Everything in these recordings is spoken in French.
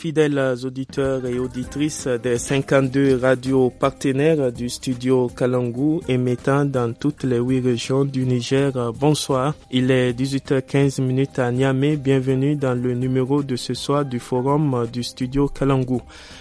Fidèles auditeurs et auditrices des 52 radios partenaires du studio Kalangu émettant dans toutes les huit régions du Niger, bonsoir. Il est 18h15 à Niamey. Bienvenue dans le numéro de ce soir du forum du studio Kalangu.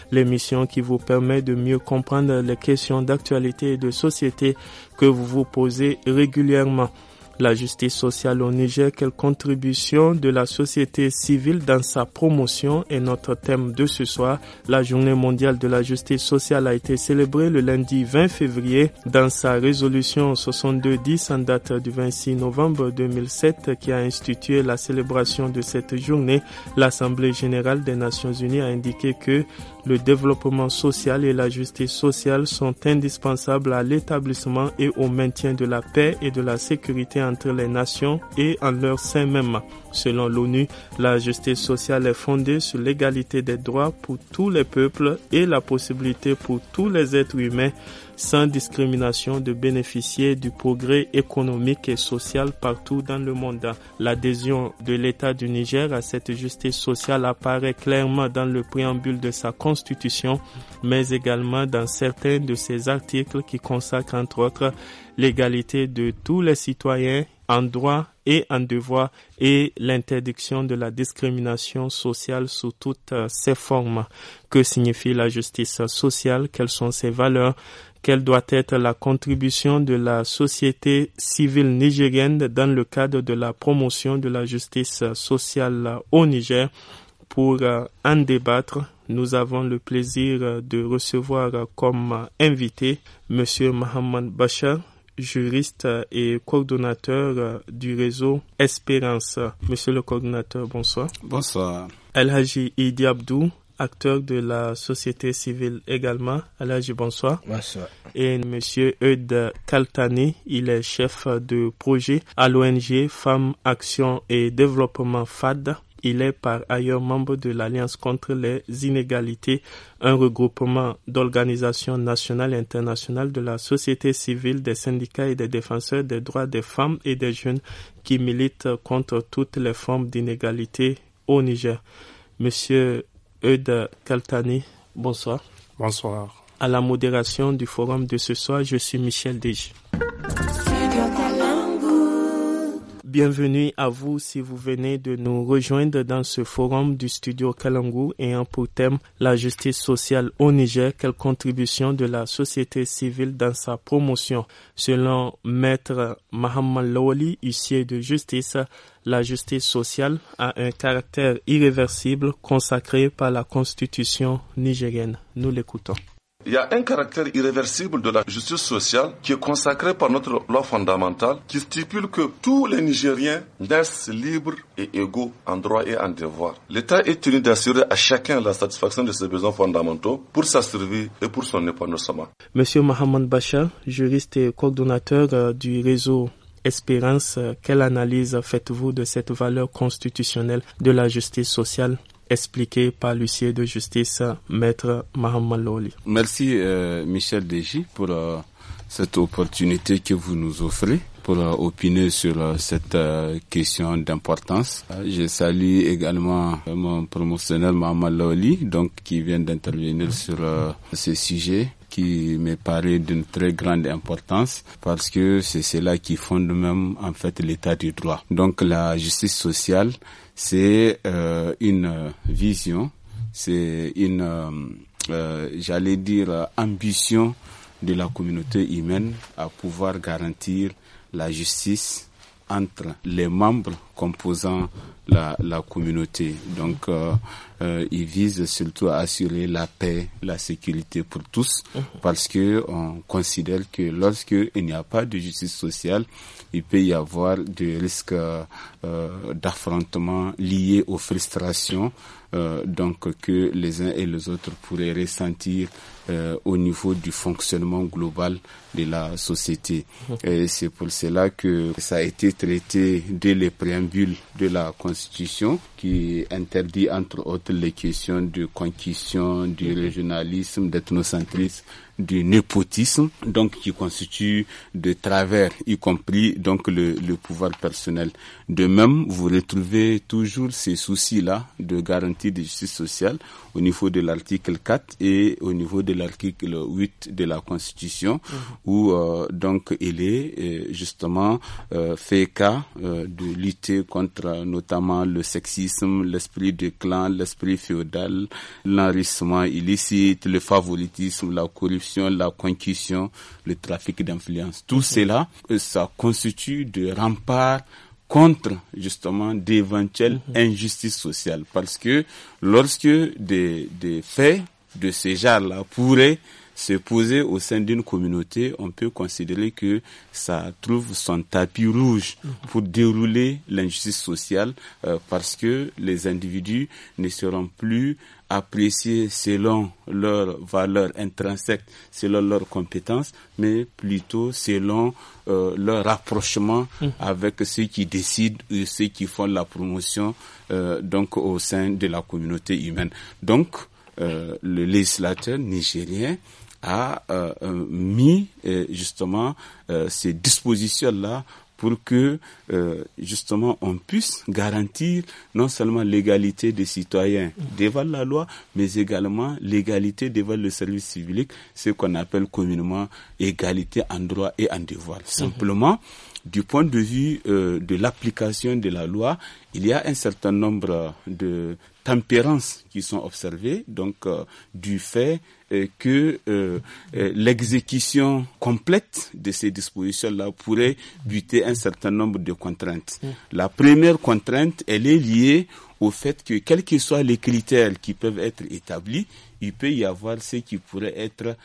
L'émission qui vous permet de mieux comprendre les questions d'actualité et de société que vous vous posez régulièrement la justice sociale au Niger, quelle contribution de la société civile dans sa promotion est notre thème de ce soir. La journée mondiale de la justice sociale a été célébrée le lundi 20 février dans sa résolution 72/10, en date du 26 novembre 2007 qui a institué la célébration de cette journée. L'Assemblée générale des Nations unies a indiqué que le développement social et la justice sociale sont indispensables à l'établissement et au maintien de la paix et de la sécurité entre les nations et en leur sein même. Selon l'ONU, la justice sociale est fondée sur l'égalité des droits pour tous les peuples et la possibilité pour tous les êtres humains sans discrimination de bénéficier du progrès économique et social partout dans le monde. L'adhésion de l'État du Niger à cette justice sociale apparaît clairement dans le préambule de sa constitution, mais également dans certains de ses articles qui consacrent entre autres l'égalité de tous les citoyens en droit et en devoir et l'interdiction de la discrimination sociale sous toutes euh, ses formes. Que signifie la justice sociale Quelles sont ses valeurs quelle doit être la contribution de la société civile nigérienne dans le cadre de la promotion de la justice sociale au Niger. Pour euh, en débattre, nous avons le plaisir euh, de recevoir euh, comme invité M. Mohamed Bachar, juriste et coordonnateur du réseau Espérance. Monsieur le coordonnateur, bonsoir. Bonsoir. El Haji Idi Abdou, acteur de la société civile également. Alaji, bonsoir. Bonsoir. Et Monsieur Eud Kaltani, il est chef de projet à l'ONG Femmes, Action et Développement FAD. Il est par ailleurs membre de l'Alliance contre les inégalités, un regroupement d'organisations nationales et internationales de la société civile, des syndicats et des défenseurs des droits des femmes et des jeunes qui militent contre toutes les formes d'inégalité au Niger. Monsieur Eude Kaltani, bonsoir. Bonsoir. À la modération du forum de ce soir, je suis Michel Dej. Bienvenue à vous si vous venez de nous rejoindre dans ce forum du studio Kalangu ayant pour thème la justice sociale au Niger, quelle contribution de la société civile dans sa promotion. Selon Maître Mahamal Lawli, huissier de justice, la justice sociale a un caractère irréversible consacré par la constitution nigérienne. Nous l'écoutons. Il y a un caractère irréversible de la justice sociale qui est consacré par notre loi fondamentale qui stipule que tous les Nigériens naissent libres et égaux en droit et en devoir. L'État est tenu d'assurer à chacun la satisfaction de ses besoins fondamentaux pour sa survie et pour son épanouissement. Monsieur Mohamed Bacha, juriste et coordonnateur euh, du réseau Espérance, euh, quelle analyse faites-vous de cette valeur constitutionnelle de la justice sociale expliqué par l'huissier de justice, maître Mohamed Loli. Merci euh, Michel Deji pour euh, cette opportunité que vous nous offrez pour euh, opiner sur cette question d'importance. Je salue également mon promotionnel Mohamed Loli, donc qui vient d'intervenir sur ce sujet qui me paraît d'une très grande importance parce que c'est cela qui fonde même en fait l'état du droit. Donc la justice sociale, c'est euh, une euh, vision, c'est une, euh, j'allais dire, ambition de la communauté humaine à pouvoir garantir la justice entre les membres composant la, la communauté. Donc, euh, il vise surtout à assurer la paix, la sécurité pour tous, mhm. parce que on considère que lorsque il n'y a pas de justice sociale, il peut y avoir des risques euh, d'affrontements liés aux frustrations euh, donc que les uns et les autres pourraient ressentir euh, au niveau du fonctionnement global de la société. Mhm. Et c'est pour cela que ça a été traité dès les préambules de la Constitution qui interdit entre autres les questions de conquistion, du mhm. régionalisme, d'ethnocentrisme, du népotisme, donc qui constitue de travers, y compris donc le, le pouvoir personnel. De même, vous retrouvez toujours ces soucis-là de garantie de justice sociale au niveau de l'article 4 et au niveau de l'article 8 de la Constitution, mmh. où euh, donc il est euh, justement euh, fait cas de lutter contre notamment le sexisme, l'esprit de clan, l'esprit féodal, l'enrichissement illicite, le favoritisme, la corruption la concussion, le trafic d'influence. Tout cela, euh, ça constitue de remparts contre justement d'éventuelles mhm. injustices sociales. Parce que lorsque des, des faits de ces genre-là pourraient se poser au sein d'une communauté, on peut considérer que ça trouve son tapis rouge pour dérouler l'injustice sociale euh, parce que les individus ne seront plus appréciés selon leurs valeurs intrinsèques, selon leurs compétences, mais plutôt selon euh, leur rapprochement avec ceux qui décident ou ceux qui font la promotion euh, donc au sein de la communauté humaine. Donc, le législateur nigérien a euh, euh mis euh, justement euh, ces dispositions-là pour que justement on puisse garantir non seulement l'égalité des citoyens devant la loi, mais également l'égalité devant le service civique, ce qu'on appelle communément égalité en droit et en devoir. Mhm. Simplement, du point de vue euh, de l'application de la loi, il y a un certain nombre de tempérances qui sont observées, donc du fait que euh, euh, l'exécution complète de ces dispositions-là pourrait buter un certain nombre de contraintes. Mm. La première contrainte, elle est liée au fait que quels que soient les critères qui peuvent être établis, il peut y avoir ce qui pourrait être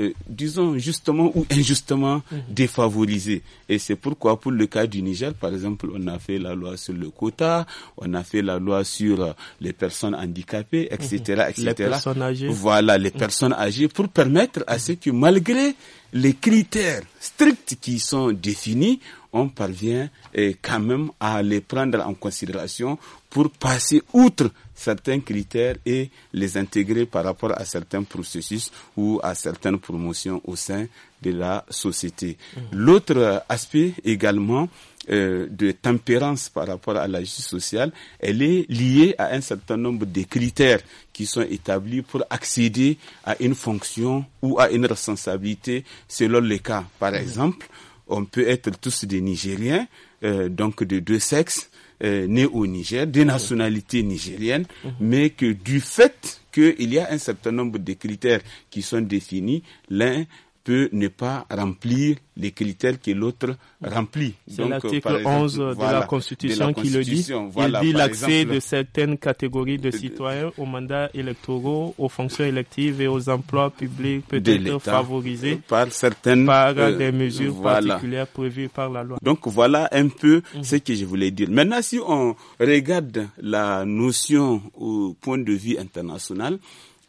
euh, disons, justement ou injustement mhm. défavoriser Et c'est pourquoi, pour le cas du Niger, par exemple, on a fait la loi sur le quota, on a fait la loi sur euh, les personnes handicapées, etc., etc. Les personnes âgées. Voilà, les mm. personnes âgées, pour permettre à ceux qui, malgré les critères stricts qui sont définis, on parvient eh, quand même à les prendre en considération pour passer outre certains critères et les intégrer par rapport à certains processus ou à certaines promotions au sein de la société. Mmh. L'autre euh, aspect également, euh, de tempérance par rapport à la justice sociale, elle est liée à un certain nombre de critères qui sont établis pour accéder à une fonction ou à une responsabilité selon le cas. Par mhm. exemple, on peut être tous des Nigériens, euh, donc de deux sexes, euh, nés au Niger, des mhm. nationalités nigériennes, mhm. mais que du fait qu'il y a un certain nombre de critères qui sont définis, l'un peut ne pas remplir les critères que l'autre remplit. C'est l'article 11 de, la Constitution qui le dit. Il dit l'accès de certaines catégories de citoyens aux mandats électoraux, aux fonctions électives et aux emplois publics peut être favorisé euh, par certaines euh, des mesures particulières prévues par la loi. Donc voilà un peu mhm. ce que je voulais dire. Maintenant, si on regarde la notion au point de vue international,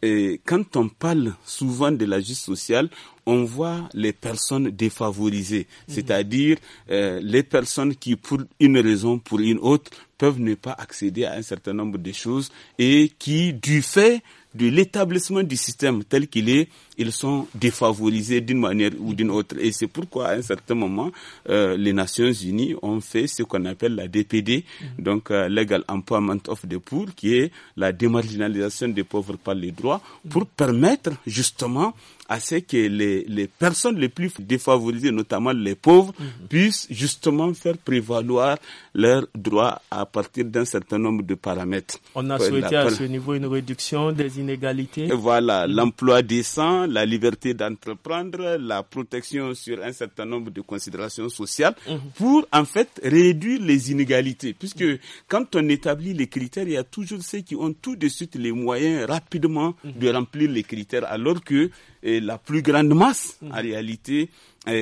et quand on parle souvent de la justice sociale, on voit les personnes défavorisées, mhm. c'est-à-dire euh, les personnes qui, pour une raison, pour une autre, peuvent ne pas accéder à un certain nombre de choses et qui, du fait de l'établissement du système tel qu'il est, ils sont défavorisés d'une manière ou d'une autre. Et c'est pourquoi, à un certain moment, euh, les Nations Unies ont fait ce qu'on appelle la DPD, mhm. donc euh, Legal Employment of the Poor, qui est la démarginalisation des pauvres par les droits, mhm. pour permettre justement à ce que les, les personnes les plus défavorisées, notamment les pauvres, mhm. puissent justement faire prévaloir leurs droits à partir d'un certain nombre de paramètres. On a euh, souhaité à ce niveau une réduction des inégalités. Voilà, mhm. l'emploi décent, la liberté d'entreprendre, la protection sur un certain nombre de considérations sociales mhm. pour en fait réduire les inégalités. Puisque quand on établit les critères, il y a toujours ceux qui ont tout de suite les moyens rapidement de remplir les critères alors que et la plus grande masse, en mhm. réalité,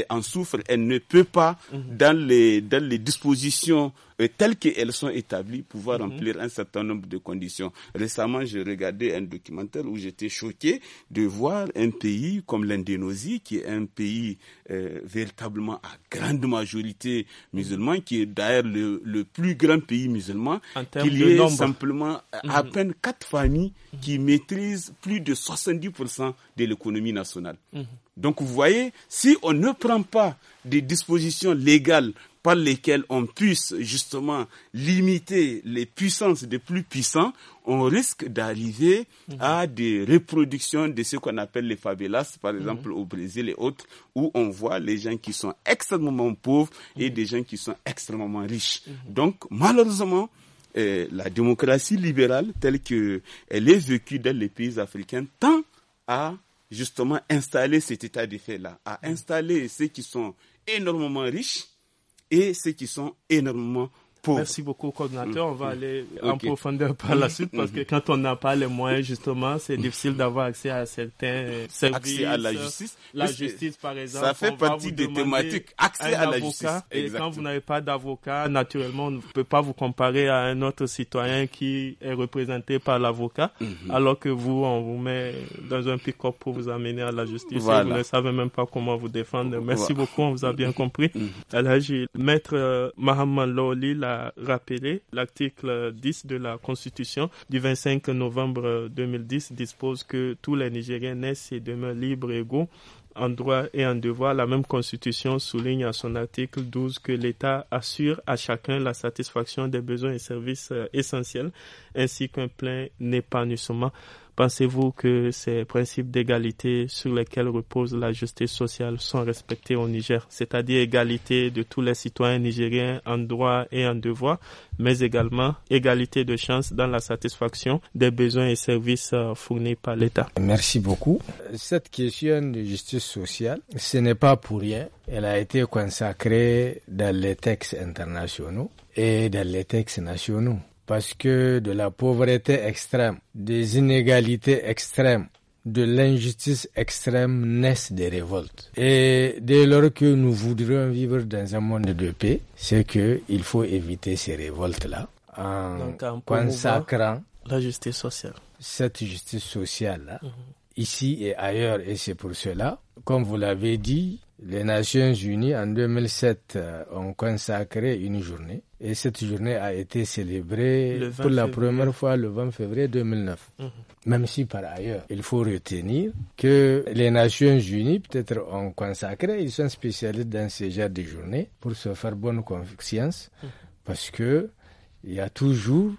en souffre, elle ne peut pas, dans, les, dispositions euh, telles qu'elles sont établies, pouvoir mhm. remplir un certain nombre de conditions. Récemment, j'ai regardé un documentaire où j'étais choqué de voir un pays comme l'Indonésie, qui est un pays euh, véritablement à grande majorité musulman, qui est d'ailleurs le, plus grand pays musulman, qu'il y ait simplement à mhm. peine quatre familles qui maîtrisent plus de 70% de l'économie nationale. Mhm. Donc vous voyez, si on ne prend pas des dispositions légales par lesquelles on puisse justement limiter les puissances des plus puissants, on risque d'arriver mhm. à des reproductions de ce qu'on appelle les favelas, par mhm. exemple au Brésil et autres, où on voit les gens qui sont extrêmement pauvres et mhm. des gens qui sont extrêmement riches. Donc malheureusement, euh, la démocratie libérale telle qu'elle est vécue dans les pays africains tend à justement installer cet état de fait-là, à mm. installer ceux qui sont énormément riches et ceux qui sont énormément Merci beaucoup, coordinateur. On va mm. aller en profondeur par la suite parce que mm-hmm. quand on n'a pas les moyens, justement, c'est difficile d'avoir accès à certains services. Accès à la justice. La justice, par exemple. Ça fait partie des thématiques. Accès à la justice. Et quand vous n'avez pas d'avocat, naturellement, on ne peut pas vous comparer à un autre citoyen qui est représenté par l'avocat, mm-hmm. alors que vous, on vous met dans un pick-up pour vous amener à la justice et vous ne savez même pas comment vous défendre. Merci beaucoup, on vous a bien compris. Mm-hmm. Alors, maître euh, Loli, la rappeler. l'article 10 de la Constitution du 25 novembre 2010 dispose que tous les Nigériens naissent et demeurent libres et égaux en droit et en devoir, la même Constitution souligne à son article 12 que l'État assure à chacun la satisfaction des besoins et services euh, essentiels ainsi qu'un plein épanouissement Pensez-vous que ces principes d'égalité sur lesquels repose la justice sociale sont respectés au Niger, c'est-à-dire égalité de tous les citoyens nigériens en droit et en devoir, mais également égalité de chance dans la satisfaction des besoins et services euh, fournis par l'État Merci beaucoup. Cette question de justice sociale, ce n'est pas pour rien. Elle a été consacrée dans les textes internationaux et dans les textes nationaux parce que de la pauvreté extrême, des inégalités extrêmes, de l'injustice extrême naissent des révoltes. Et dès lors que nous voudrions vivre dans un monde de paix, c'est que il faut éviter ces révoltes-là en, consacrant la justice sociale. Cette justice sociale-là, mhm ici et ailleurs. Et c'est pour cela, comme vous l'avez dit, les Nations Unies en 2007 euh, ont consacré une journée et cette journée a été célébrée pour la première fois le 20 février 2009. Mhm. Même si par ailleurs, il faut retenir que les Nations Unies peut-être ont consacré, ils sont spécialistes dans ce genre de journée pour se faire bonne conscience mhm. parce que il y a toujours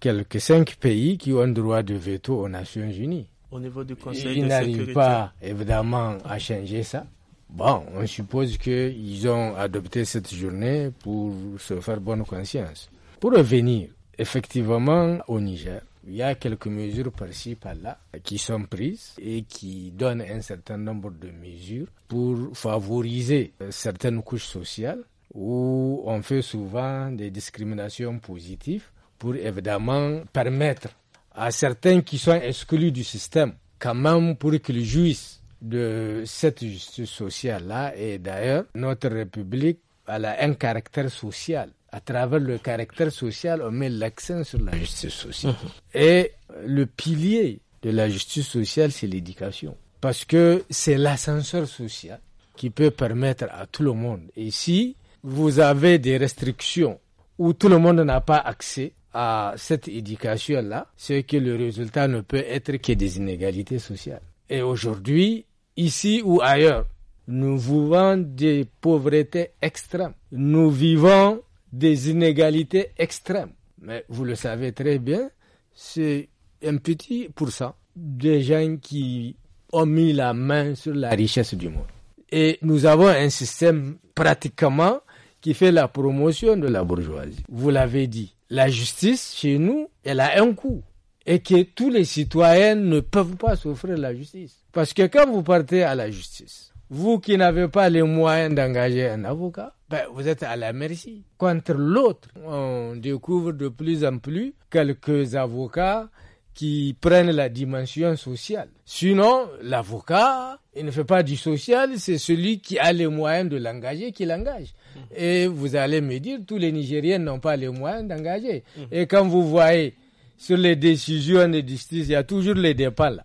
quelques cinq pays qui ont droit de veto aux Nations Unies au niveau du Conseil ils n'arrivent pas, évidemment, à changer ça. Bon, on suppose qu'ils ont adopté cette journée pour se faire bonne conscience. Pour revenir, effectivement, au Niger, il y a quelques mesures par-ci, par-là, qui sont prises et qui donnent un certain nombre de mesures pour favoriser certaines couches sociales où on fait souvent des discriminations positives pour évidemment permettre à certains qui sont exclus du système, quand même pour qu'ils jouissent de cette justice sociale-là. Et d'ailleurs, notre République, elle a un caractère social. À travers le caractère social, on met l'accent sur la justice sociale. Mhm. Et le pilier de la justice sociale, c'est l'éducation. Parce que c'est l'ascenseur social qui peut permettre à tout le monde. Et si vous avez des restrictions où tout le monde n'a pas accès, à cette éducation-là, c'est que le résultat ne peut être que des inégalités sociales. Et aujourd'hui, ici ou ailleurs, nous vivons des pauvretés extrêmes. Nous vivons des inégalités extrêmes. Mais vous le savez très bien, c'est un petit pourcent des gens qui ont mis la main sur la richesse du monde. Et nous avons un système pratiquement qui fait la promotion de la bourgeoisie. Vous l'avez dit, la justice chez nous, elle a un coût et que tous les citoyens ne peuvent pas s'offrir la justice. Parce que quand vous partez à la justice, vous qui n'avez pas les moyens d'engager un avocat, ben, vous êtes à la merci. Contre l'autre, on découvre de plus en plus quelques avocats qui prennent la dimension sociale. Sinon, l'avocat, il ne fait pas du social, c'est celui qui a les moyens de l'engager qui l'engage. Mhm. Et vous allez me dire, tous les Nigériens n'ont pas les moyens d'engager. Mhm. Et quand vous voyez sur les décisions de justice, il y a toujours les départs là.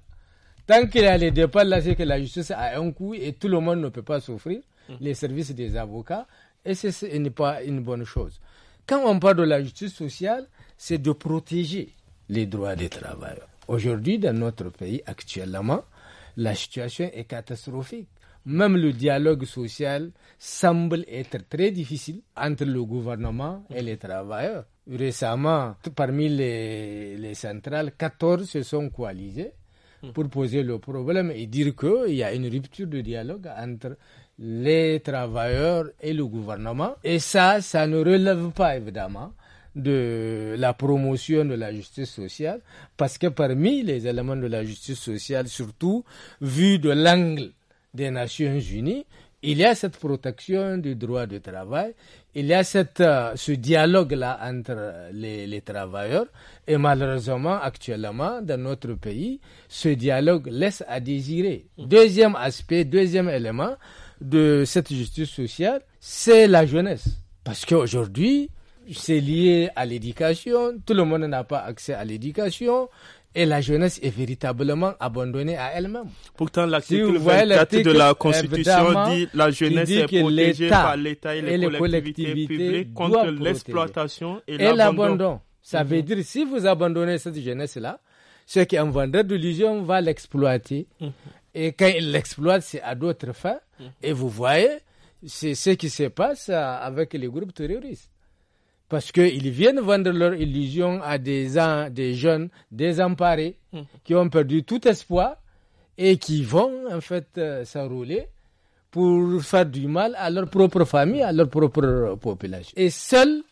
Tant qu'il y a les départs là, c'est que la justice a un coût et tout le monde ne peut pas souffrir mhm. les services des avocats. Et ce n'est pas une bonne chose. Quand on parle de la justice sociale, c'est de protéger les droits des travailleurs. Aujourd'hui, dans notre pays, actuellement, la situation est catastrophique. Même le dialogue social semble être très difficile entre le gouvernement et les travailleurs. Récemment, parmi les, centrales, 14 se sont coalisées pour poser le problème et dire qu'il y a une rupture de dialogue entre les travailleurs et le gouvernement. Et ça, ça ne relève pas évidemment de la promotion de la justice sociale, parce que parmi les éléments de la justice sociale, surtout vu de l'angle des Nations Unies, il y a cette protection du droit du travail, il y a euh, ce dialogue-là entre les, travailleurs, et malheureusement, actuellement, dans notre pays, ce dialogue laisse à désirer. Deuxième aspect, deuxième élément de cette justice sociale, c'est la jeunesse. Parce qu'aujourd'hui, c'est lié à l'éducation. Tout le monde n'a pas accès à l'éducation. Et la jeunesse est véritablement abandonnée à elle-même. Pourtant, l'article 24 de la Constitution dit la jeunesse est protégée par l'État et, les, collectivités contre l'exploitation et, l'abandon. Ça mhm. veut dire si vous abandonnez cette jeunesse-là, est un vendeur d'illusions va l'exploiter. Mhm. Et quand il l'exploite, c'est à d'autres fins. Mhm. Et vous voyez, c'est ce qui se passe euh, avec les groupes terroristes parce qu'ils viennent vendre leur illusion à des, des jeunes désemparés hum. qui ont perdu tout espoir et qui vont en fait euh, s'enrouler pour faire du mal à leur propre famille, à leur propre population. Et seule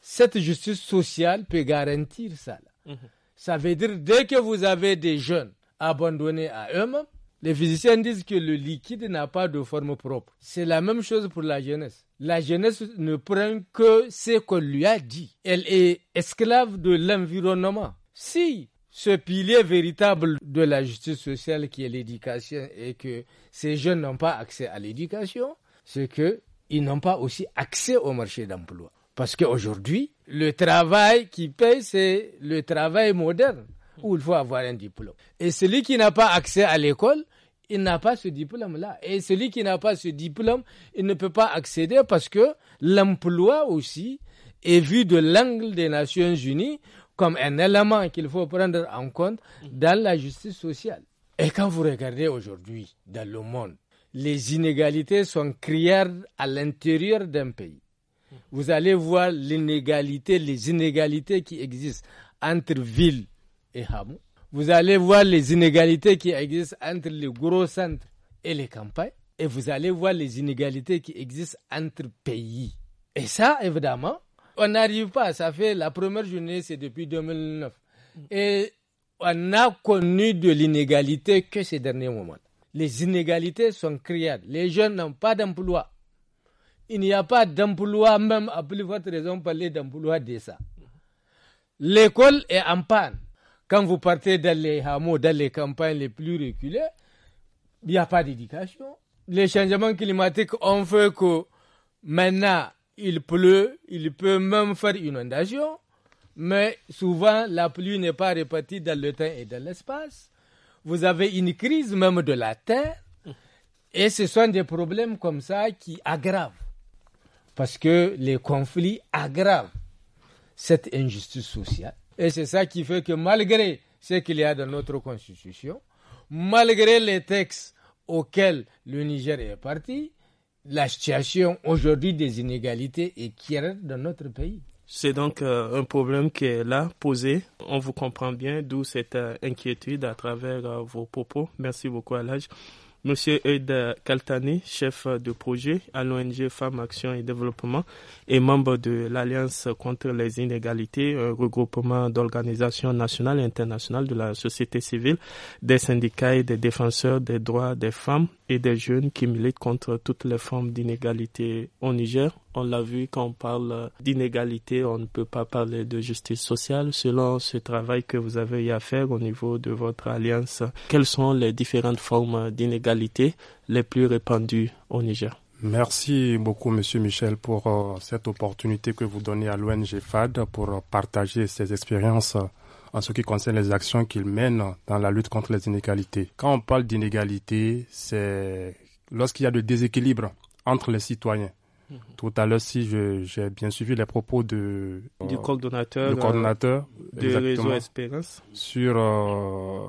cette justice sociale peut garantir ça. Hum. Ça veut dire dès que vous avez des jeunes abandonnés à eux-mêmes, les physiciens disent que le liquide n'a pas de forme propre. C'est la même chose pour la jeunesse. La jeunesse ne prend que ce qu'on lui a dit. Elle est esclave de l'environnement. Si ce pilier véritable de la justice sociale qui est l'éducation et que ces jeunes n'ont pas accès à l'éducation, c'est qu'ils n'ont pas aussi accès au marché d'emploi. Parce qu'aujourd'hui, le travail qui paye, c'est le travail moderne où il faut avoir un diplôme. Et celui qui n'a pas accès à l'école, il n'a pas ce diplôme-là. Et celui qui n'a pas ce diplôme, il ne peut pas accéder parce que l'emploi aussi est vu de l'angle des Nations Unies comme un élément qu'il faut prendre en compte dans la justice sociale. Et quand vous regardez aujourd'hui dans le monde, les inégalités sont crières à l'intérieur d'un pays. Vous allez voir l'inégalité, les inégalités qui existent entre villes, vous allez voir les inégalités qui existent entre les gros centres et les campagnes. Et vous allez voir les inégalités qui existent entre pays. Et ça, évidemment, on n'arrive pas. Ça fait la première journée, c'est depuis 2009. Et on a connu de l'inégalité que ces derniers moments. Les inégalités sont criantes. Les jeunes n'ont pas d'emploi. Il n'y a pas d'emploi, même à plus forte raison, parler d'emploi de ça. L'école est en panne. Quand vous partez dans les hameaux, dans les campagnes les plus reculées, il n'y a pas d'éducation. Les changements climatiques ont fait que maintenant, il pleut, il peut même faire une inondation, mais souvent, la pluie n'est pas répartie dans le temps et dans l'espace. Vous avez une crise même de la terre. Et ce sont des problèmes comme ça qui aggravent. Parce que les conflits aggravent cette injustice sociale. Et c'est ça qui fait que malgré ce qu'il y a dans notre constitution, malgré les textes auxquels le Niger est parti, la situation aujourd'hui des inégalités est claire dans notre pays. C'est donc euh, un problème qui est là, posé. On vous comprend bien, d'où cette euh, inquiétude à travers euh, vos propos. Merci beaucoup, Alage. Monsieur Eud Kaltani, chef de projet à l'ONG Femmes Action et Développement et membre de l'Alliance contre les inégalités, un regroupement d'organisations nationales et internationales de la société civile, des syndicats et des défenseurs des droits des femmes et des jeunes qui militent contre toutes les formes d'inégalité au Niger, on l'a vu quand on parle d'inégalité, on ne peut pas parler de justice sociale. Selon ce travail que vous avez à faire au niveau de votre alliance, quelles sont les différentes formes d'inégalité les plus répandues au Niger Merci beaucoup, Monsieur Michel, pour euh, cette opportunité que vous donnez à l'ONG FAD pour partager ses expériences euh, en ce qui concerne les actions qu'il mène dans la lutte contre les inégalités. Quand on parle d'inégalité, c'est lorsqu'il y a de déséquilibre entre les citoyens. Mhm. Tout à l'heure, si j'ai bien suivi les propos du euh, euh, coordonnateur, de Réseau Espérance sur euh,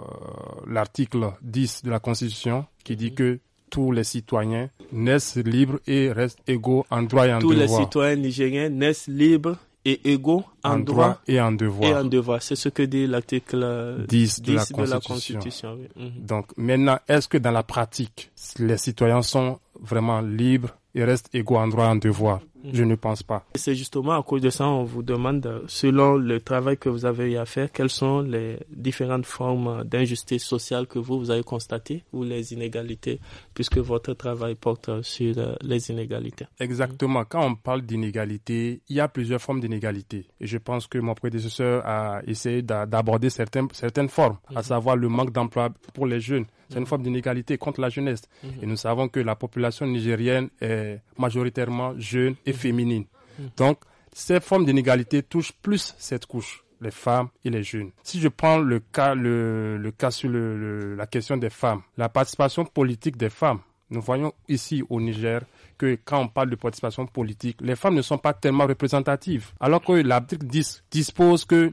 l'article 10 de la Constitution qui dit mhm. que tous les citoyens naissent libres et restent égaux en droit et en devoir. Tous les citoyens nigériens naissent libres et égaux en, droit, et en devoir. C'est ce que dit l'article 10, de la Constitution. Mhm. Donc maintenant, est-ce que dans la pratique, les citoyens sont vraiment libres il reste égaux en droit en devoir. Je ne pense pas. C'est justement à cause de ça, on vous demande, selon le travail que vous avez eu à faire, quelles sont les différentes formes d'injustice sociale que vous, vous avez constatées ou les inégalités, puisque votre travail porte sur euh, les inégalités. Exactement. Quand on parle d'inégalité, il y a plusieurs formes d'inégalité. Et je pense que mon prédécesseur a essayé d'aborder certaines, certaines formes, à mhm. savoir le manque d'emploi pour les jeunes. C'est une mhm. forme d'inégalité contre la jeunesse. Mhm. Et nous savons que la population nigérienne est euh, majoritairement jeunes et féminines. Donc, ces formes d'inégalité touchent plus cette couche, les femmes et les jeunes. Si je prends le cas, le, cas sur la question des femmes, la participation politique des femmes, nous voyons ici au Niger que quand on parle de participation politique, les femmes ne sont pas tellement représentatives. Alors que l'article 10 dispose que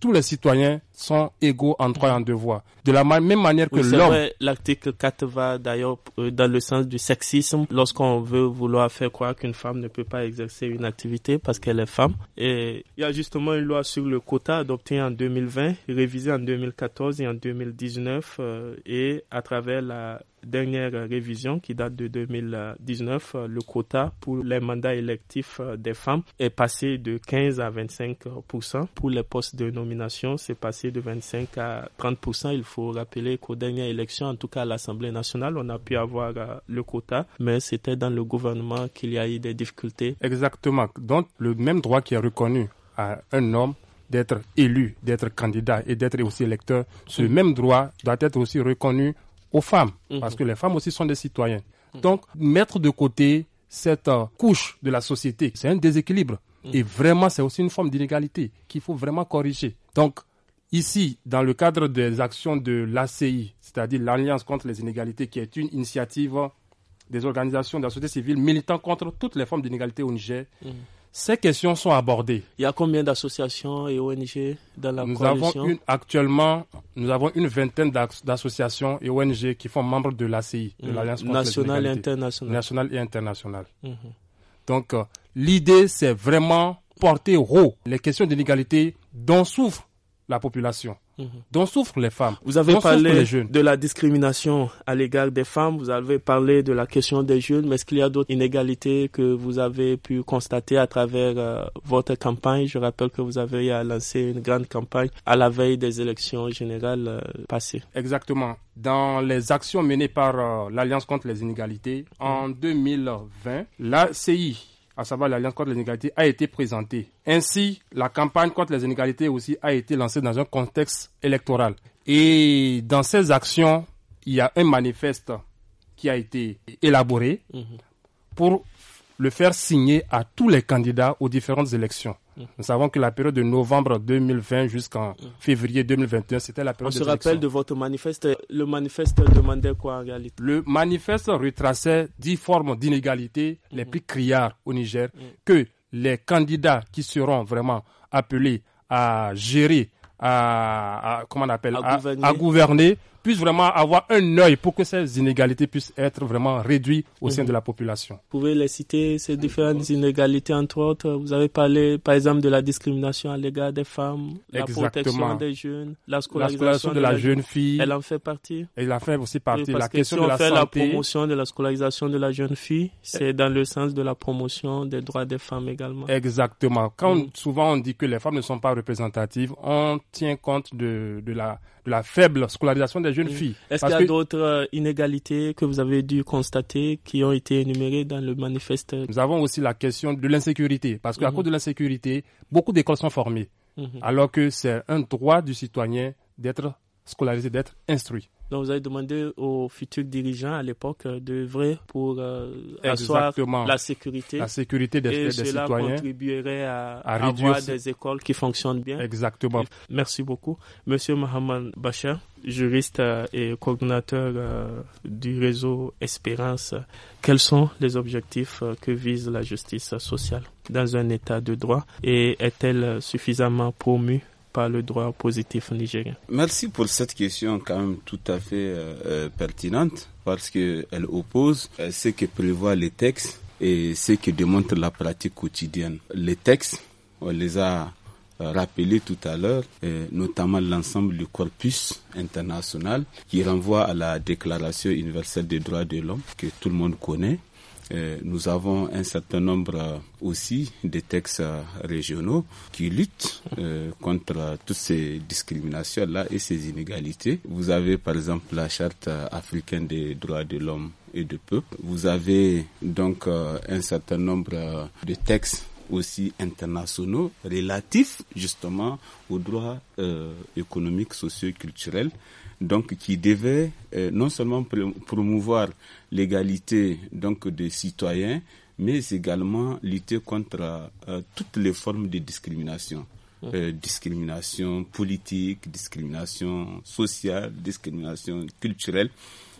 tous les citoyens sont égaux en droit et en devoir. De la même manière que l'homme. L'article 4 va d'ailleurs euh, dans le sens du sexisme lorsqu'on veut vouloir faire croire qu'une femme ne peut pas exercer une activité parce qu'elle est femme. Et il y a justement une loi sur le quota adoptée en 2020, révisée en 2014 et en 2019 euh, et à travers la dernière révision qui date de 2019, euh, le quota pour les mandats électifs des femmes est passé de 15 à 25 pour les postes de nomination, c'est passé de 25 à 30 Il faut rappeler qu'aux dernières élections, en tout cas à l'Assemblée nationale, on a pu avoir euh, le quota, mais c'était dans le gouvernement qu'il y a eu des difficultés. Exactement. Donc le même droit qui est reconnu à un homme d'être élu, d'être candidat et d'être aussi électeur, ce mm-hmm. même droit doit être aussi reconnu aux femmes, mm-hmm. parce que les femmes aussi sont des citoyens. Mm-hmm. Donc, mettre de côté cette euh, couche de la société, c'est un déséquilibre. Et vraiment, c'est aussi une forme d'inégalité qu'il faut vraiment corriger. Donc, Ici, dans le cadre des actions de l'ACI, c'est-à-dire l'Alliance contre les inégalités, qui est une initiative des organisations de la société civile militant contre toutes les formes d'inégalité au Niger, mm. ces questions sont abordées. Il y a combien d'associations et ONG dans la nous coalition avons Actuellement, nous avons une vingtaine d'associations et ONG qui font membre de l'ACI, de mm. l'Alliance contre les inégalités. Internationale. Nationale et internationale. Mm-hmm. Donc, euh, l'idée, c'est vraiment porter haut les questions d'inégalité dont souffrent la population, mhm. dont souffrent les femmes. Vous avez parlé de la discrimination à l'égard des femmes, vous avez parlé de la question des jeunes, mais est-ce qu'il y a d'autres inégalités que vous avez pu constater à travers euh, votre campagne Je rappelle que vous avez lancé une grande campagne à la veille des élections générales euh, passées. Exactement. Dans les actions menées par euh, l'Alliance contre les inégalités, en 2020, mhm. la CI à savoir l'Alliance contre les inégalités, a été présentée. Ainsi, la campagne contre les inégalités aussi a été lancée dans un contexte électoral. Et dans ces actions, il y a un manifeste qui a été élaboré mhm. pour le faire signer à tous les candidats aux différentes élections. Mm. Nous savons que la période de novembre 2020 jusqu'en février 2021, c'était la période On se rappelle de votre manifeste. Le manifeste demandait quoi en réalité Le manifeste retraçait dix formes d'inégalité les mm. plus criards au Niger mm. que les candidats qui seront vraiment appelés à gérer, à, comment on appelle, à gouverner puisse vraiment avoir un œil pour que ces inégalités puissent être vraiment réduites au sein mhm. de la population. Vous pouvez les citer, ces différentes inégalités, entre autres. Vous avez parlé, par exemple, de la discrimination à l'égard des femmes, Exactement. la protection des jeunes, la scolarisation, de, la, jeune fille. Elle en fait partie. Elle en fait aussi partie. la question si on de la fait la promotion de la scolarisation de la jeune fille, eh. c'est dans le sens de la promotion des droits des femmes également. Exactement. Quand mm. souvent on dit que les femmes ne sont pas représentatives, on tient compte de, de la la faible scolarisation des jeunes filles. Est-ce qu'il y a d'autres euh, inégalités que vous avez dû constater qui ont été énumérées dans le manifeste Nous avons aussi la question de l'insécurité, parce qu'à mhm. cause de l'insécurité, beaucoup d'écoles sont formées, mhm. alors que c'est un droit du citoyen d'être scolarisé, d'être instruit. Donc, vous avez demandé aux futurs dirigeants à l'époque euh, d'œuvrer pour euh, asseoir la sécurité. La sécurité des, et cela contribuerait à, avoir des écoles qui fonctionnent bien. Exactement. Merci beaucoup. Monsieur Mohamed Bachar, juriste euh, et coordinateur du réseau Espérance, quels sont les objectifs que vise la justice sociale dans un état de droit et est-elle suffisamment promue le droit positif Merci pour cette question quand même tout à fait euh, euh, pertinente parce qu'elle oppose euh, ce que prévoit les textes et ce que démontre la pratique quotidienne. Les textes, on les a rappelé tout à l'heure, notamment l'ensemble du corpus international qui renvoie à la Déclaration universelle des droits de l'homme que tout le monde connaît euh, nous avons un certain nombre euh, aussi de textes euh, régionaux qui luttent contre toutes ces discriminations-là et ces inégalités. Vous avez par exemple la charte africaine des droits de l'homme et du peuple. Vous avez donc un certain nombre de textes aussi internationaux relatifs justement aux droits euh, économiques, sociaux et culturels, donc qui devaient euh, non seulement promouvoir l'égalité donc des citoyens, mais également lutter contre euh, toutes les formes de discrimination. Euh, discrimination politique, discrimination sociale, discrimination culturelle.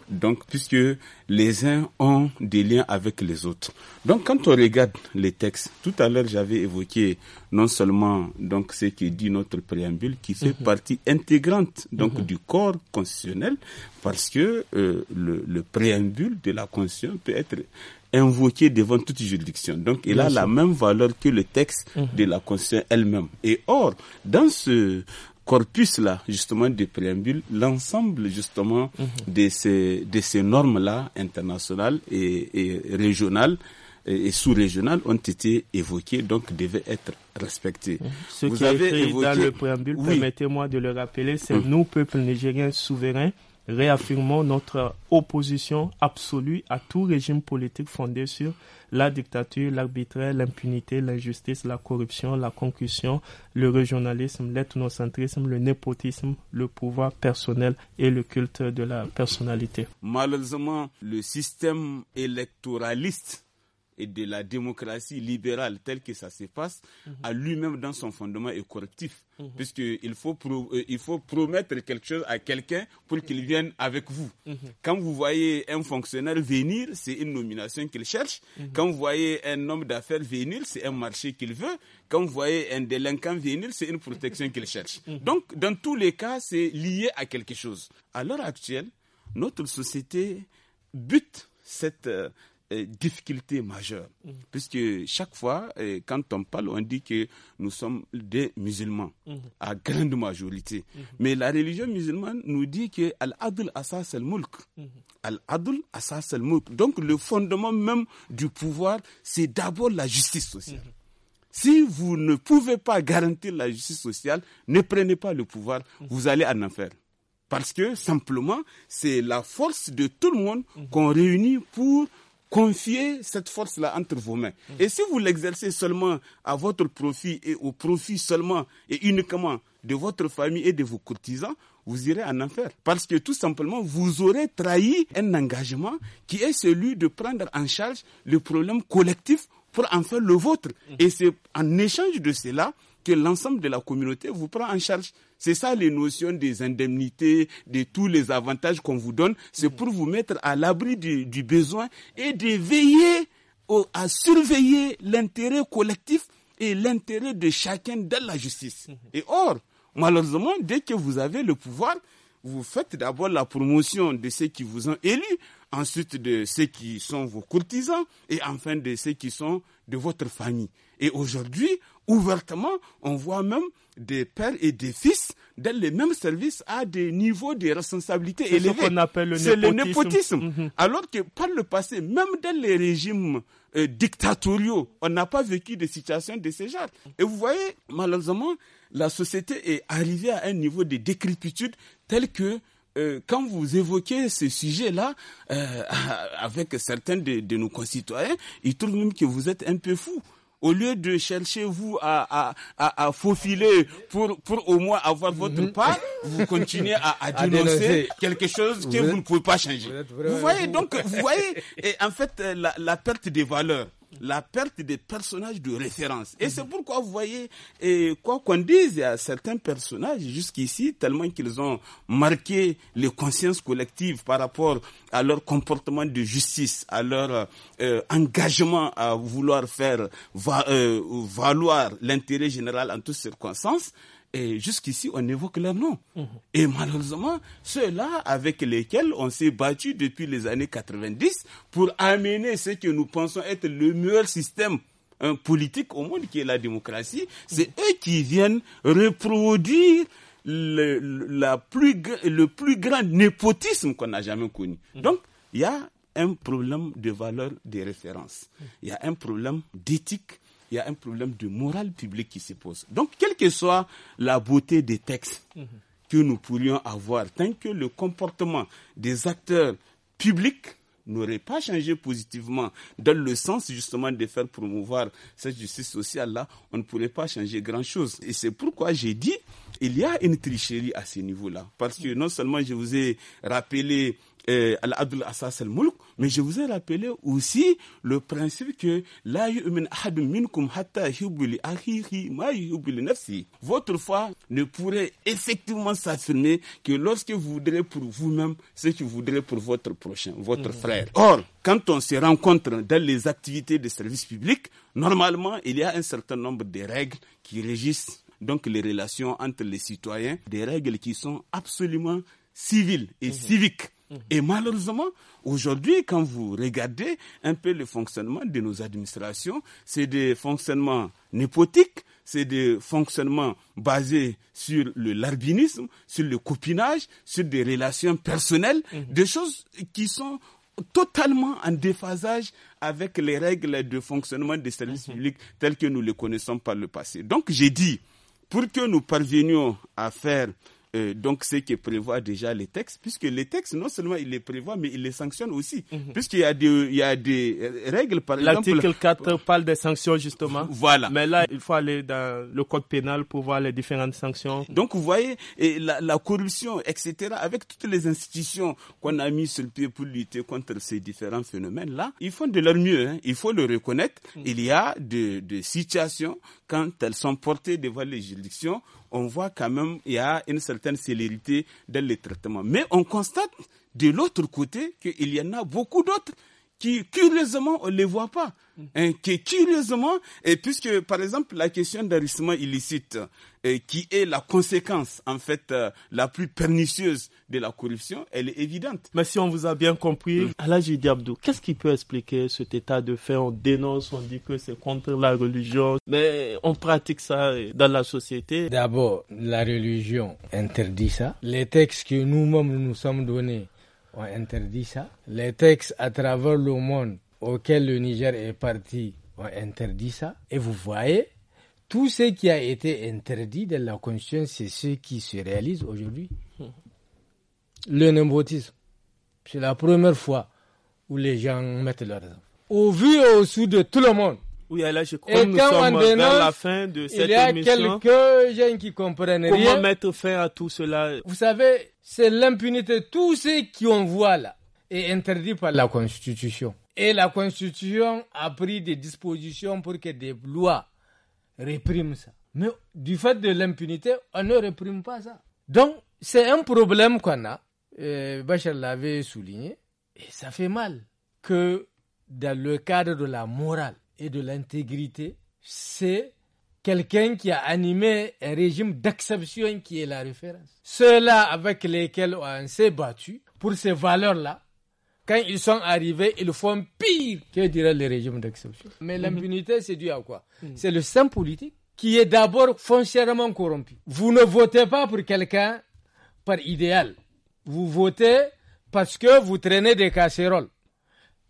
Donc, puisque les uns ont des liens avec les autres. Donc, quand on regarde les textes, tout à l'heure, j'avais évoqué non seulement donc ce qui dit notre préambule, qui fait mhm. partie intégrante donc mhm. du corps constitutionnel, parce que euh, le, préambule de la Constitution peut être invoqué devant toute juridiction. Donc, il a la même valeur que le texte mhm. de la Constitution elle-même. Et or, dans ce corpus-là, justement, du préambule, l'ensemble, justement, mhm. de ces, de ces normes-là, internationales et, régionales, et sous-régionales ont été évoquées, donc devaient être respectées. Mhm. Ce Vous qui avez évoqué... dans le préambule, permettez-moi de le rappeler, c'est mhm. nous, peuple nigérien souverain, réaffirmons notre opposition absolue à tout régime politique fondé sur la dictature, l'arbitraire, l'impunité, l'injustice, la corruption, la concussion, le régionalisme, l'ethnocentrisme, le népotisme, le pouvoir personnel et le culte de la personnalité. Malheureusement, le système électoraliste et de la démocratie libérale telle que ça se passe, à lui-même dans son fondement est correctif. Mhm. Puisqu'il faut, euh, il faut promettre quelque chose à quelqu'un pour qu'il mhm. vienne avec vous. Mhm. Quand vous voyez un fonctionnaire venir, c'est une nomination qu'il cherche. Quand vous voyez un homme d'affaires venir, c'est un marché qu'il veut. Quand vous voyez un délinquant venir, c'est une protection qu'il cherche. Donc, dans tous les cas, c'est lié à quelque chose. À l'heure actuelle, notre société bute cette, euh, euh, difficulté majeure. Mm. Puisque chaque fois, euh, quand on parle, on dit que nous sommes des musulmans, mm. à grande majorité. Mm. Mais la religion musulmane nous dit que Al-Adl Asas al-Mulk. Al-Adl Asas al-Mulk. Donc le fondement même du pouvoir, c'est d'abord la justice sociale. Mm-hmm. Si vous ne pouvez pas garantir la justice sociale, ne prenez pas le pouvoir, mm-hmm. vous allez en enfer. Parce que simplement, c'est la force de tout le monde mm-hmm. qu'on réunit pour confiez cette force-là entre vos mains. Mm. Et si vous l'exercez seulement à votre profit et au profit seulement et uniquement de votre famille et de vos courtisans, vous irez en enfer. Parce que tout simplement, vous aurez trahi un engagement qui est celui de prendre en charge le problème collectif pour en faire le vôtre. Mm. Et c'est en échange de cela que l'ensemble de la communauté vous prend en charge. C'est ça les notions des indemnités, de tous les avantages qu'on vous donne. C'est pour vous mettre à l'abri du, besoin et de veiller à surveiller l'intérêt collectif et l'intérêt de chacun dans la justice. Et or, malheureusement, dès que vous avez le pouvoir, vous faites d'abord la promotion de ceux qui vous ont élus, ensuite de ceux qui sont vos courtisans et enfin de ceux qui sont de votre famille. Et aujourd'hui, ouvertement, on voit même des pères et des fils dans les mêmes services à des niveaux de responsabilité élevés. C'est ce qu'on appelle le népotisme. Mhm. Alors que par le passé, même dans les régimes euh, dictatoriaux, on n'a pas vécu des situations de ce genre. Et vous voyez, malheureusement, la société est arrivée à un niveau de décrépitude tel que euh, quand vous évoquez ce sujet-là euh, avec certains de, de, nos concitoyens, ils trouvent même que vous êtes un peu fou au lieu de chercher vous à, faufiler pour, pour au moins avoir votre mm-hmm. part, vous continuez à, dénoncer, quelque chose que vous, ne pouvez pas changer. Vous, voyez, donc, vous voyez, et en fait, la perte des valeurs la perte des personnages de référence. Et c'est pourquoi vous voyez, quoi qu'on dise à certains personnages jusqu'ici, tellement qu'ils ont marqué les consciences collectives par rapport à leur comportement de justice, à leur euh, engagement à vouloir faire va, euh, valoir l'intérêt général en toutes circonstances, et jusqu'ici, on évoque leur nom. Mhm. Et malheureusement, ceux-là avec lesquels on s'est battu depuis les années 90 pour amener ce que nous pensons être le meilleur système hein, politique au monde, qui est la démocratie, c'est mhm. eux qui viennent reproduire le, la plus, le plus grand népotisme qu'on n'a jamais connu. Mhm. Donc, il y a un problème de valeur de référence. Il y a un problème d'éthique il y a un problème de morale publique qui se pose. Donc, quelle que soit la beauté des textes mhm. que nous pourrions avoir, tant que le comportement des acteurs publics n'aurait pas changé positivement dans le sens justement de faire promouvoir cette justice sociale-là, on ne pourrait pas changer grand-chose. Et c'est pourquoi j'ai dit, il y a une tricherie à ce niveau-là. Parce que non seulement je vous ai rappelé Al-Adul Asas al-Mulk, mais je vous ai rappelé aussi le principe que la minkum hatta Votre foi ne pourrait effectivement s'affirmer que lorsque vous voudrez pour vous-même ce que vous voudrez pour votre prochain, votre mhm. frère. Or, quand on se rencontre dans les activités de service public, normalement, il y a un certain nombre de règles qui régissent donc les relations entre les citoyens, des règles qui sont absolument civiles et mhm. civiques et malheureusement, aujourd'hui, quand vous regardez un peu le fonctionnement de nos administrations, c'est des fonctionnements népotiques, c'est des fonctionnements basés sur le larbinisme, sur le copinage, sur des relations personnelles, mhm. des choses qui sont totalement en déphasage avec les règles de fonctionnement des services mhm. publics telles que nous les connaissons par le passé. Donc j'ai dit, pour que nous parvenions à faire euh, donc ce que prévoit déjà les textes, puisque les textes, non seulement ils les prévoient, mais ils les sanctionnent aussi, mhm. puisqu'il y, a des, il y a des euh, règles, par exemple... L'article 4 parle des sanctions, justement. Voilà. Mais là, il faut aller dans le code pénal pour voir les différentes sanctions. Donc, vous voyez, la, corruption, etc., avec toutes les institutions qu'on a mises sur le pied pour lutter contre ces différents phénomènes-là, ils font de leur mieux, hein. il faut le reconnaître. Mm. Il y a des de situations quand elles sont portées devant les juridictions, on voit quand même il y a une certaine célérité dans les traitements. Mais on constate de l'autre côté qu'il y en a beaucoup d'autres qui curieusement on les voit pas, hein, qui curieusement et puisque par exemple la question d'enrichissement illicite et euh, qui est la conséquence en fait euh, la plus pernicieuse de la corruption, elle est évidente. Mais si on vous a bien compris, mm. j'ai dit, Abdou, qu'est-ce qui peut expliquer cet état de fait On dénonce, on dit que c'est contre la religion, mais on pratique ça euh, dans la société. D'abord, la religion interdit ça. Les textes que nous-mêmes nous sommes donnés ont interdit ça. Les textes à travers le monde auquel le Niger est parti ont interdit ça. Et vous voyez, tout ce qui a été interdit de la conscience, c'est ce qui se réalise aujourd'hui. Hmm. Le népotisme. C'est la première fois où les gens mettent leur... Au vu et au sous de tout le monde. Oui, là, je crois et que nous sommes la fin de cette Il y a quelques gens qui comprennent rien. Comment mettre fin à tout cela Vous savez, c'est l'impunité. Tous ceux qui ont voit là est interdit par la Constitution. Et la Constitution a pris des dispositions pour que des lois répriment ça. Mais du fait de l'impunité, on ne réprime pas ça. Donc, c'est un problème qu'on a. Euh, Bachar l'avait souligné. Et ça fait mal que dans le cadre de la morale et de l'intégrité, c'est quelqu'un qui a animé un régime d'exception qui est la référence. Ceux-là avec lesquels on s'est battu pour ces valeurs-là, quand ils sont arrivés, ils font pire que dirait le régime d'exception. Mais mhm. l'impunité, c'est dû à quoi mhm. C'est le système politique qui est d'abord foncièrement corrompu. Vous ne votez pas pour quelqu'un par idéal. Vous votez parce que vous traînez des casseroles.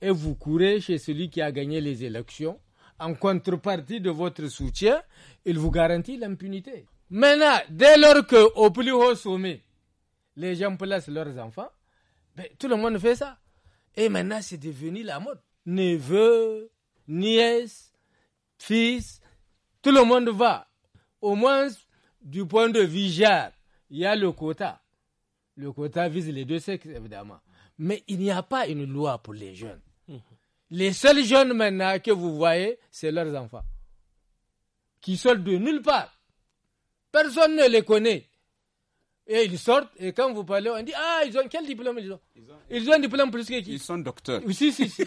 Et vous courez chez celui qui a gagné les élections en contrepartie de votre soutien, il vous garantit l'impunité. Maintenant, dès lors qu'au plus haut sommet, les gens placent leurs enfants, ben, tout le monde fait ça. Et maintenant, c'est devenu la mode. Neveu, nièce, fils, tout le monde va. Au moins, du point de vue genre, il y a le quota. Le quota vise les deux sexes, évidemment. Mais il n'y a pas une loi pour les jeunes. Les seuls jeunes maintenant que vous voyez, c'est leurs enfants, qui sortent de nulle part. Personne ne les connaît. Et ils sortent, et quand vous parlez, on dit Ah, ils ont quel diplôme ils ont Ils ont, un diplôme plus que qui Ils sont docteurs. oui si, si.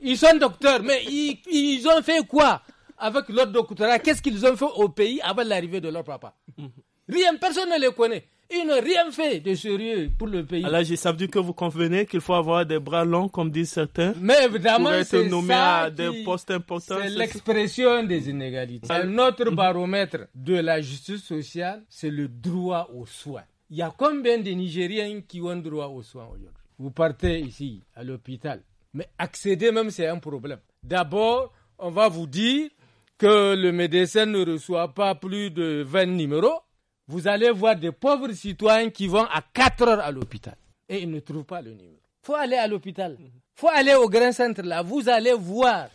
ils sont docteurs, mais ils, ils ont fait quoi avec leur doctorat Qu'est-ce qu'ils ont fait au pays avant l'arrivée de leur papa mm-hmm. Rien, personne ne les connaît. Ils n'ont rien fait de sérieux pour le pays. Alors, j'ai veut que vous convenez qu'il faut avoir des bras longs, comme disent certains. Mais évidemment, c'est nommé à des postes C'est l'expression des inégalités. Un autre mhm. baromètre de la justice sociale, c'est le droit aux soins. Il y a combien de Nigériens qui ont droit aux soins aujourd'hui Vous partez ici, à l'hôpital. Mais accéder même, c'est un problème. D'abord, on va vous dire que le médecin ne reçoit pas plus de 20 numéros vous allez voir des pauvres citoyens qui vont à 4 heures à l'hôpital et ils ne trouvent pas le numéro. faut aller à l'hôpital. Mhm. faut aller au grand centre là. Vous allez voir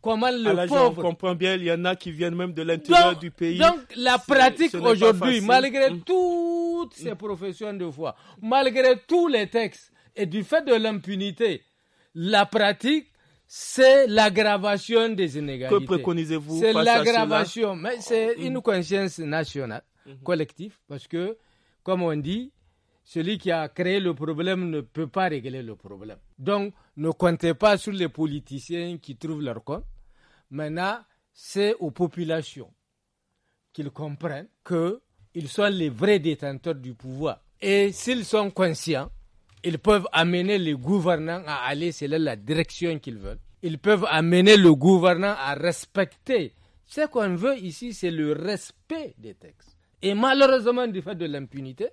comment le pauvre... Je comprend bien, il y en a qui viennent même de l'intérieur du pays. Donc la pratique aujourd'hui, malgré mhm. toutes ces mhm. professions de foi, malgré tous les textes et du fait de l'impunité, la pratique c'est l'aggravation des inégalités. Que préconisez-vous C'est l'aggravation, mais c'est une conscience nationale. Mhm. collectif, parce que, comme on dit, celui qui a créé le problème ne peut pas régler le problème. Donc, ne comptez pas sur les politiciens qui trouvent leur compte. Maintenant, c'est aux populations qu'ils comprennent qu'ils sont les vrais détenteurs du pouvoir. Et s'ils sont conscients, ils peuvent amener les gouvernants à aller là la direction qu'ils veulent. Ils peuvent amener le gouvernant à respecter. Ce qu'on veut ici, c'est le respect des textes. Et malheureusement, du fait de l'impunité,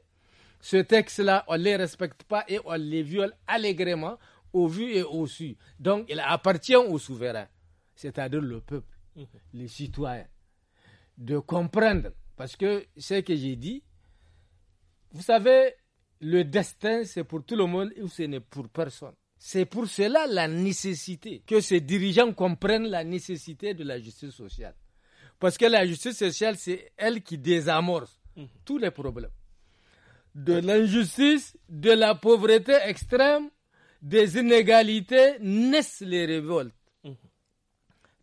ce texte-là, on ne les respecte pas et on les viole allégrément au vu et au su. Donc, il appartient au souverain, c'est-à-dire le peuple, mhm. les citoyens, de comprendre. Parce que ce que j'ai dit, vous savez, le destin, c'est pour tout le monde ou ce n'est pour personne. C'est pour cela la nécessité que ces dirigeants comprennent la nécessité de la justice sociale. Parce que la justice sociale, c'est elle qui désamorce mhm. tous les problèmes. De l'injustice, de la pauvreté extrême, des inégalités, naissent les révoltes. Mhm.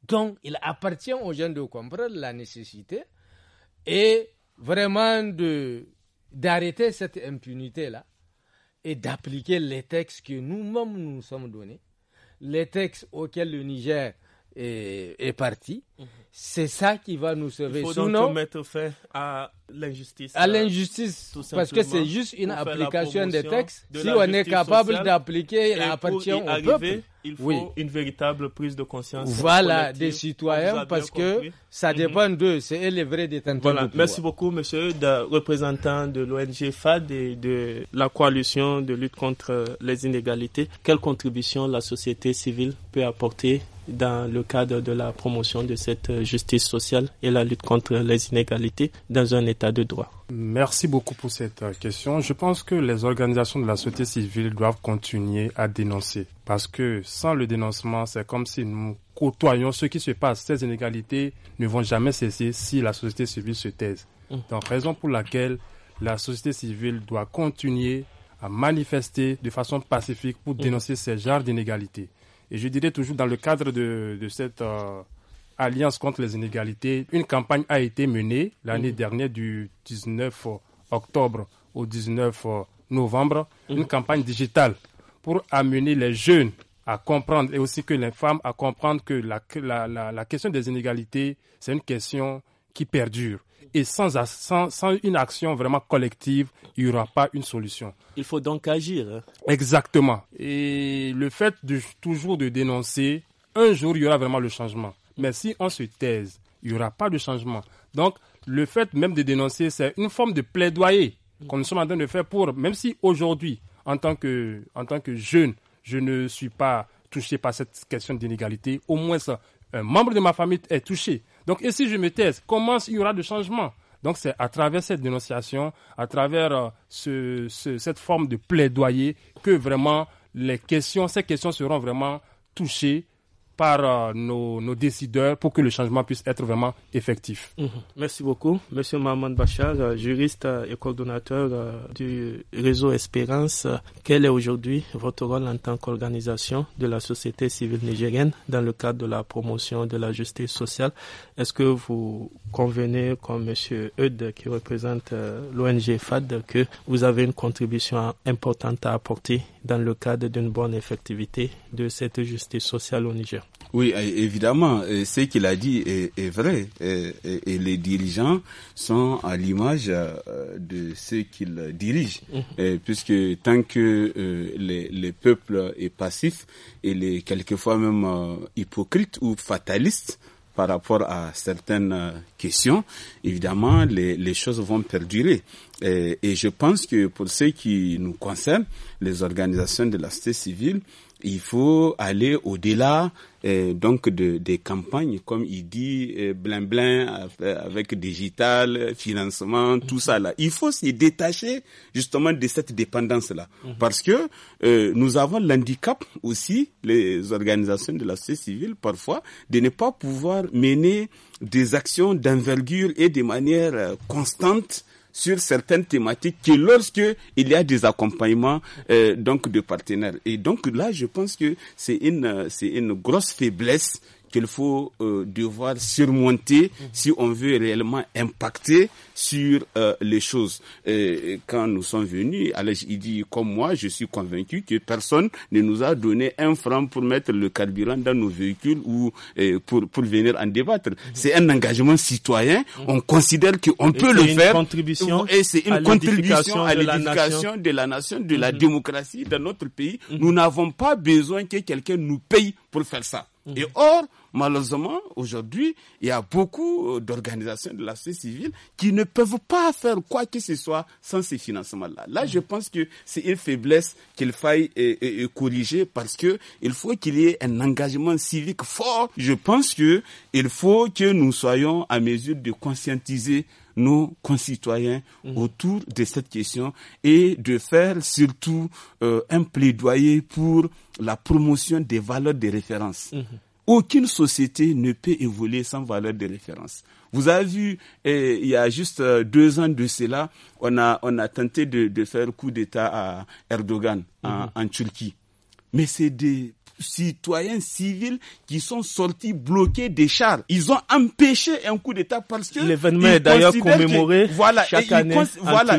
Donc, il appartient aux jeunes de comprendre la nécessité et vraiment de, d'arrêter cette impunité-là et d'appliquer les textes que nous-mêmes nous sommes donnés, les textes auxquels le Niger est, parti. Mhm. C'est ça qui va nous sauver. Il faut donc mettre fin à l'injustice. À euh, l'injustice, parce que c'est juste une application des textes. si on est capable d'appliquer, l'appartient appartient au peuple il faut une véritable prise de conscience. Voilà, des citoyens, parce que ça mhm. dépend d'eux. C'est les vrais détenteurs. Voilà, merci beaucoup, monsieur, représentant de l'ONG FAD et de la coalition de lutte contre les inégalités. Quelle contribution la société civile peut apporter dans le cadre de la promotion de cette justice sociale et la lutte contre les inégalités dans un état de droit Merci beaucoup pour cette euh, question. Je pense que les organisations de la société civile doivent continuer à dénoncer parce que sans le dénoncement, c'est comme si nous côtoyons ce qui se passe. Ces inégalités ne vont jamais cesser si la société civile se taise. Mmh. Donc, raison pour laquelle la société civile doit continuer à manifester de façon pacifique pour mmh. dénoncer ces genres d'inégalités. Et je dirais toujours dans le cadre de, de cette euh, Alliance contre les inégalités, une campagne a été menée l'année mm. dernière du 19 octobre au 19 novembre, mm. une campagne digitale pour amener les jeunes à comprendre et aussi que les femmes à comprendre que la, question des inégalités, c'est une question qui perdure. Et sans, sans, sans, une action vraiment collective, il n'y aura pas une solution. Il faut donc agir. Hein. Exactement. Et le fait de toujours de dénoncer, un jour, il y aura vraiment le changement. Mais si on se taise, il n'y aura pas de changement. Donc, le fait même de dénoncer, c'est une forme de plaidoyer qu'on nous sommes en train de faire pour, même si aujourd'hui, en tant que, jeune, je ne suis pas touché par cette question d'inégalité, au moins un membre de ma famille est touché. Donc, et si je me taise, comment il y aura de changement Donc, c'est à travers cette dénonciation, à travers euh, cette forme de plaidoyer que vraiment les questions, ces questions seront vraiment touchées par euh, nos, nos, décideurs pour que le changement puisse être vraiment effectif. Mhm. Merci beaucoup. Monsieur Mahmoud Bachar, euh, juriste euh, et coordonnateur du réseau Espérance, quel est aujourd'hui votre rôle en tant qu'organisation de la société civile nigérienne dans le cadre de la promotion de la justice sociale Est-ce que vous convenez, comme Monsieur Eud, qui représente l'ONG FAD, que vous avez une contribution importante à apporter dans le cadre d'une bonne effectivité de cette justice sociale au Niger oui, évidemment, ce qu'il a dit est, vrai. Et, les dirigeants sont à l'image euh, de ce qu'ils dirigent, mhm. puisque tant que euh, le les, peuples est passif, il est quelquefois même euh, hypocrite ou fataliste par rapport à certaines questions, évidemment, les, choses vont perdurer. Et, et, je pense que pour ce qui nous concerne, les organisations de la société civile, il faut aller au-delà euh, donc de, des campagnes, comme il dit, euh, blin blin euh, avec digital, financement, mhm. tout ça là. Il faut se détacher justement de cette dépendance là, mhm. parce que nous avons l'handicap aussi, les organisations de la société civile parfois, de ne pas pouvoir mener des actions d'envergure et de manière constante sur certaines thématiques que lorsque il y a des accompagnements euh, donc de partenaires. Et donc là, je pense que c'est une euh, c'est une grosse faiblesse qu'il faut euh, devoir surmonter si on veut réellement impacter sur euh, les choses. Et quand nous sommes venus, il dit comme moi, je suis convaincu que personne ne nous a donné un franc pour mettre le carburant dans nos véhicules ou pour pour venir en débattre. C'est un engagement citoyen. On considère qu'on peut le faire. et c'est une contribution à l'éducation de, la nation, de la mhm. démocratie dans notre pays. Mhm. Nous n'avons pas besoin que quelqu'un nous paye pour faire ça. Mhm. Et or, malheureusement, aujourd'hui, il y a beaucoup euh, d'organisations de la société civile qui ne peuvent pas faire quoi que ce soit sans ces financements-là. Là, je mhm. pense que c'est une faiblesse qu'il faille euh, euh, corriger parce que il faut qu'il y ait un engagement civique fort. Je pense que il faut que nous soyons à mesure de conscientiser nos concitoyens mm. autour de cette question et de faire surtout euh, un plaidoyer pour la promotion des valeurs de référence. Mm-hmm. Aucune société ne peut évoluer sans valeurs de référence. Vous avez vu, eh, il y a juste euh, deux ans de cela, on a, on a tenté de, faire coup d'État à Erdogan en, mm-hmm. en Turquie. Mais c'est des citoyens civils qui sont sortis bloqués des chars. Ils ont empêché un coup d'État parce que l'événement est d'ailleurs commémoré voilà, chaque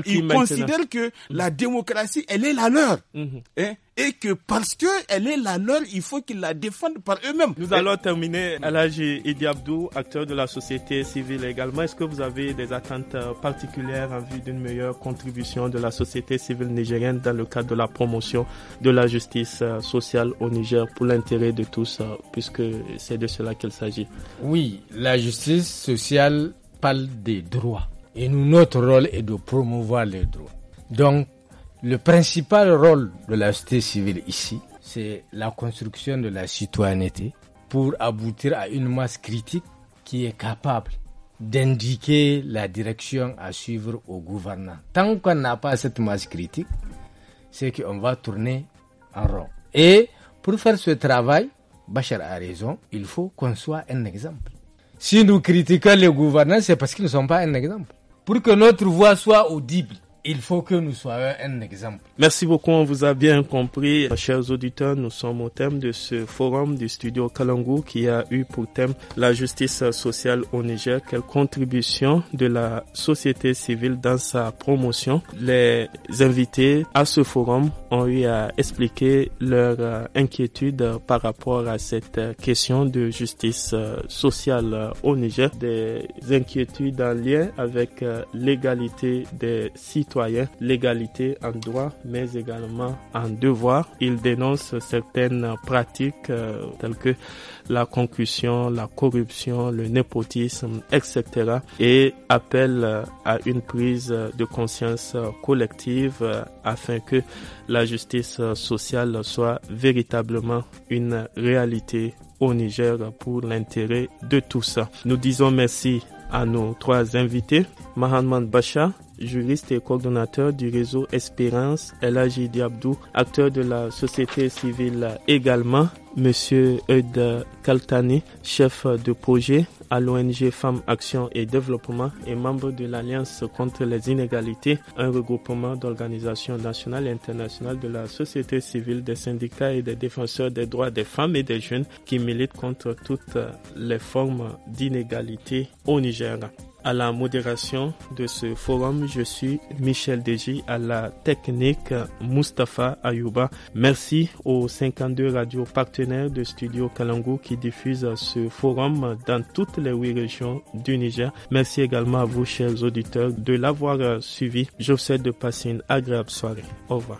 Ils, considèrent que la démocratie, elle est la leur. Mhm. Hein et que parce qu'elle est la leur, il faut qu'ils la défendent par eux-mêmes. Nous allons terminer. Alhaji Idi acteur de la société civile également. Est-ce que vous avez des attentes euh, particulières en vue d'une meilleure contribution de la société civile nigérienne dans le cadre de la promotion de la justice euh, sociale au Niger pour l'intérêt de tous, euh, puisque c'est de cela qu'il s'agit Oui, la justice sociale parle des droits. Et nous, notre rôle est de promouvoir les droits. Donc, le principal rôle de la société civile ici, c'est la construction de la citoyenneté pour aboutir à une masse critique qui est capable d'indiquer la direction à suivre au gouvernement. Tant qu'on n'a pas cette masse critique, c'est qu'on va tourner en rond. Et pour faire ce travail, Bachar a raison, il faut qu'on soit un exemple. Si nous critiquons les gouvernants, c'est parce qu'ils ne sont pas un exemple. Pour que notre voix soit audible, il faut que nous soyons un exemple. Merci beaucoup, on vous a bien compris. Chers auditeurs, nous sommes au thème de ce forum du studio Kalangou qui a eu pour thème la justice sociale au Niger, quelle contribution de la société civile dans sa promotion. Les invités à ce forum ont eu à expliquer leur euh, inquiétude par rapport à cette question de justice euh, sociale euh, au Niger, des inquiétudes en lien avec l'égalité des citoyens l'égalité en droit, mais également en devoir. Il dénonce certaines pratiques euh, telles que la concussion, la corruption, le népotisme, etc. et appelle euh, à une prise de conscience collective euh, afin que la justice sociale soit véritablement une réalité au Niger pour l'intérêt de tous. Nous disons merci à nos trois invités, Mahanman Bacha, juriste et coordonnateur du réseau Espérance, Ajidi Diabdou, acteur de la société civile également, Monsieur Eud Kaltani, chef de projet à l'ONG Femmes Action et Développement et membre de l'Alliance contre les inégalités, un regroupement d'organisations nationales et internationales de la société civile, des syndicats et des défenseurs des droits des femmes et des jeunes qui militent contre toutes les formes d'inégalité au Niger à la modération de ce forum. Je suis Michel Deji à la technique Mustapha Ayuba. Merci aux 52 radios partenaires de Studio Kalango qui diffusent ce forum dans toutes les huit régions du Niger. Merci également à vous, chers auditeurs, de l'avoir suivi. Je vous souhaite de passer une agréable soirée. Au revoir.